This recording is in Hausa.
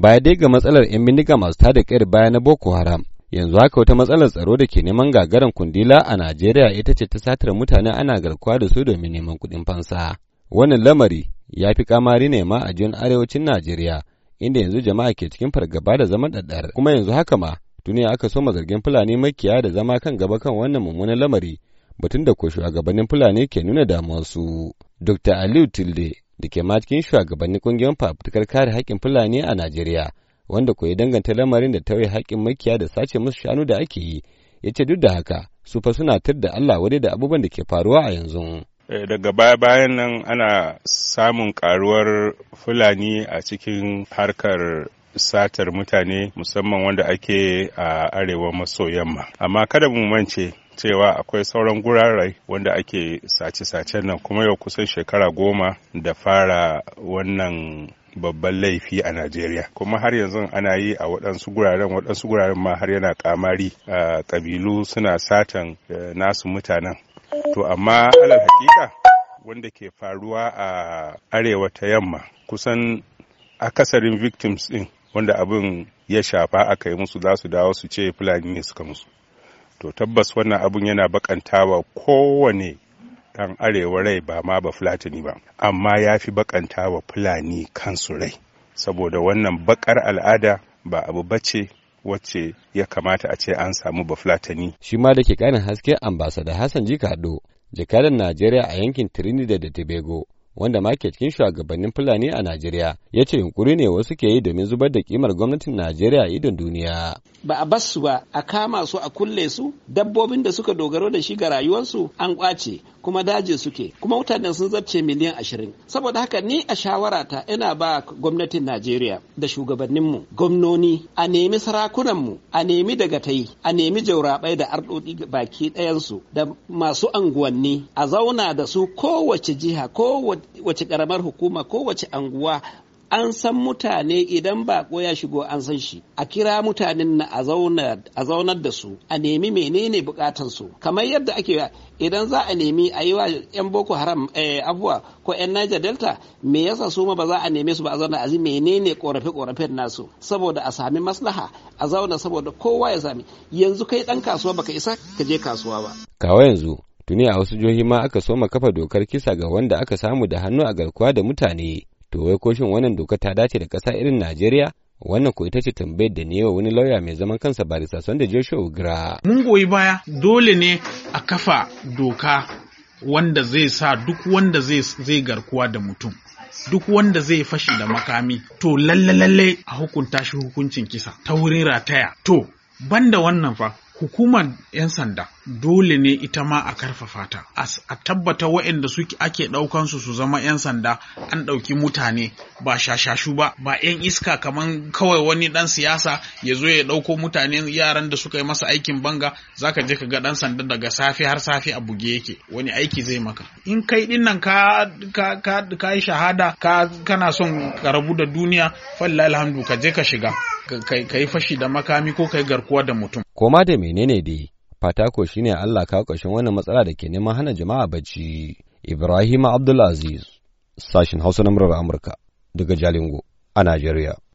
baya dai ga matsalar 'yan bindiga masu tada kayar baya na Boko Haram. Yanzu haka wata matsalar tsaro da ke neman gagaran kundila a Najeriya ita ce ta satar mutane ana garkuwa da su domin neman kuɗin fansa. Wannan lamari ya fi kamari ne ma a jiyon arewacin Najeriya, inda yanzu jama'a ke cikin fargaba da zaman ɗaɗɗar. Kuma yanzu haka ma, tuni aka soma zargin Fulani makiya da zama kan gaba kan wannan mummunan lamari, batun da ko shugabannin Fulani ke nuna damuwarsu. Dr. Aliyu Tilde da ke ma cikin shugabannin kungiyar fafutukar kare haƙƙin Fulani a Najeriya wanda ko ya danganta lamarin da tauye haƙƙin makiya da sace musu shanu da ake yi ya ce duk da haka su fa suna tur da Allah wadai da abubuwan da ke faruwa a yanzu. Eh, daga baya-bayan nan ana samun karuwar fulani a cikin harkar satar mutane musamman wanda ake a arewa maso yamma amma kada mu mance cewa akwai sauran gurare wanda ake sace-sacen nan kuma yau kusan shekara goma da fara wannan babban laifi a Najeriya kuma har yanzu ana yi a waɗansu guraren waɗansu guraren ma har yana kamari ƙabilu suna satan e, nasu mutanen to amma alal hakika wanda ke faruwa a arewa ta yamma kusan akasarin victims din wanda abin ya shafa aka yi musu za su dawo su ce fulani ne suka musu to tabbas wannan abun yana bakantawa kowane ɗan arewa rai ba ma ba fulatani ba amma ya fi bakantawa fulani kansu rai saboda wannan bakar al'ada ba abu bace wacce ya kamata a ce an samu ba fulatani shi ma da ke ƙarin haske ambasada hassan jikado jakadan najeriya a yankin trinidad da tobago wanda ma ke shugabannin Fulani a Najeriya ya ce yunkuri ne wasu ke yi domin zubar da kimar gwamnatin Najeriya idon duniya. Ba a basu ba a kama su a kulle su dabbobin da suka dogaro da shi ga rayuwarsu an kwace kuma daji suke kuma mutanen sun zarce miliyan ashirin saboda haka ni a shawarata ina ba gwamnatin najeriya da shugabanninmu gwamnoni a nemi sarakunanmu a nemi daga dagatai a nemi jaurabai da arɗoɗi baki ɗayansu da masu anguwanni a zauna da su kowace jiha kowace ƙaramar hukuma kowace anguwa an san mutane idan bako ya shigo an san shi a kira mutanen na a zaunar da su a nemi menene bukatan su kamar yadda ake idan za a nemi a yi wa 'yan boko haram eh, abuwa ko 'yan niger delta me yasa su ma ba za a neme su ba a zauna a ji menene korafe korafe nasu saboda a sami maslaha a zauna saboda kowa ya sami yanzu kai dan kasuwa baka isa ka je kasuwa ba kawa yanzu tuni a wasu jihohi ma aka soma kafa dokar kisa ga wanda aka samu da hannu a garkuwa da mutane To wai ko shin wannan doka ta dace da ƙasa irin Najeriya? wannan ko ita ce tambayar da ne wa wani lauya mai zaman kansa barista da Joshua Ugra. Mun goyi baya dole ne a kafa doka wanda zai sa duk wanda zai garkuwa da mutum. Duk wanda zai fashi da makami to lalle lalle a hukunta shi hukuncin kisa ta wurin rataya. To banda wannan fa hukuman 'yan sanda dole ne ita ma a karfafa ta a tabbata waɗanda suke ake ɗaukan su su zama 'yan sanda an ɗauki mutane ba shashashu ba ba 'yan iska kamar kawai wani ɗan siyasa ya zo ya ɗauko mutane yaran da suka yi masa aikin banga zaka je ka ga ɗan sanda daga safe har safe a buge yake wani aiki zai maka in kai ɗin nan ka ka ka, yi shahada ka kana son ka rabu da duniya fallal alhamdu ka je ka shiga ka yi fashi da makami ko ka yi garkuwa da mutum Koma da menene dai, Fatako shine Allah ka ƙoshin wannan matsala da ke neman hana jama'a bacci. Ibrahim Abdulaziz, sashin Hausa na murar Amurka, daga Jalingo, a Najeriya.